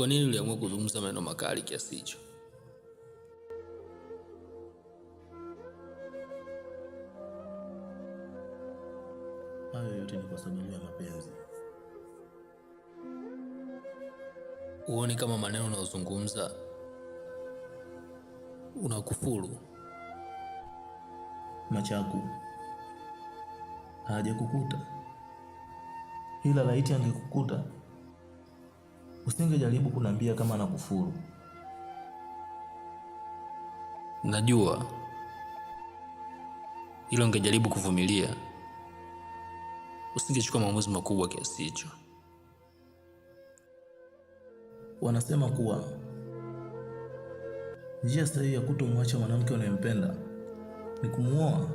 Kwa nini uliamua kuzungumza maneno makali kiasi hicho? Hayo yote ni kwa sababu ya mapenzi. Huoni kama maneno unayozungumza unakufuru? Machaku hajakukuta, ila laiti angekukuta usingejaribu kuniambia kama nakufuru. Najua ilo, ungejaribu kuvumilia, usingechukua maamuzi makubwa kiasi hicho. Wanasema kuwa njia sahihi ya kutomwacha mwanamke unayempenda ni kumuoa.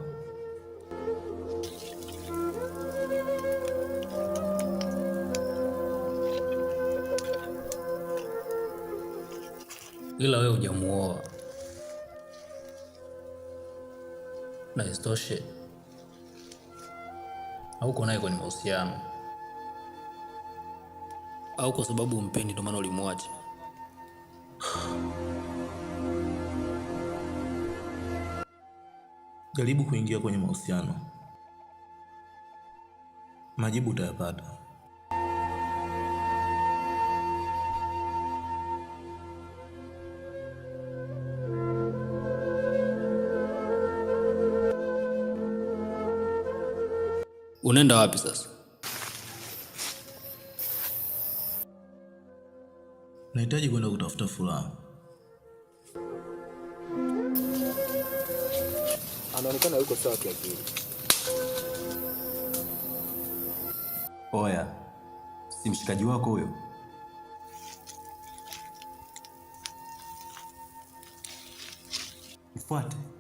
ila wewe hujamuoa, na isitoshe hauko naye kwenye mahusiano, au kwa sababu umpendi ndio maana ulimwacha. Jaribu kuingia kwenye mahusiano, majibu utayapata. Unaenda wapi sasa? Nahitaji kwenda kutafuta furaha. Anaonekana yuko sawa kiakili. Oya, si mshikaji wako huyo? Mfuate.